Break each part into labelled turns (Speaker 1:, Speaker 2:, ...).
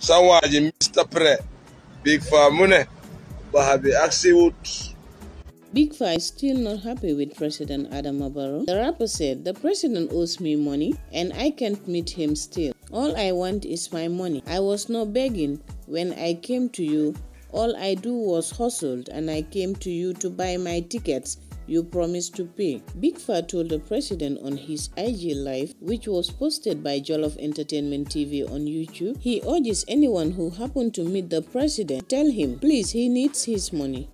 Speaker 1: mr pre big fa mune bahabi axiwood
Speaker 2: Big Five is still not happy with President Adam Abaro. The rapper said, The president owes me money and I can't meet him still. All I want is my money. I was not begging when I came to you. All I do was hustled and I came to you to buy my tickets you promised to pay. Big told the president on his IG Live, which was posted by Jollof Entertainment TV on YouTube, he urges anyone who happened to meet the president, tell him, please, he needs his money.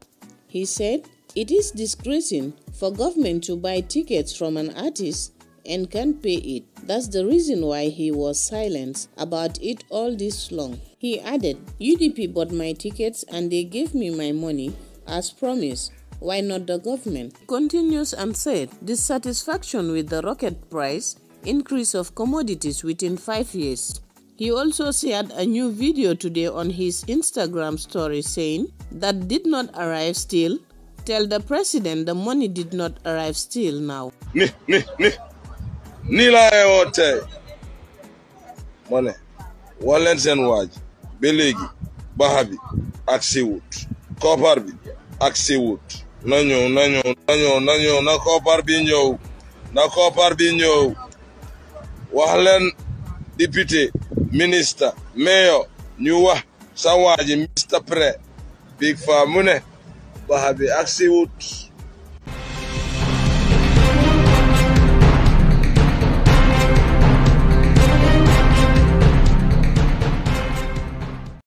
Speaker 2: He said, it is disgracing for government to buy tickets from an artist and can't pay it. That's the reason why he was silent about it all this long. He added, UDP bought my tickets and they gave me my money as promised. Why not the government? Continues and said dissatisfaction with the rocket price increase of commodities within five years. He also shared a new video today on his Instagram story saying that did not arrive still. Tell the president the money did not arrive still now. Me me me.
Speaker 1: Ni yote. Money. Walen waj. Belegi. Bahabi. Ak siwut. Kopar na ñëw na ñëw na ñëw na ñëw na koppar bi na koppar bi ñëw wax leen député ministre mayor ñu wax sa waa ji Mr Pré mu ne baxa bi ak si wut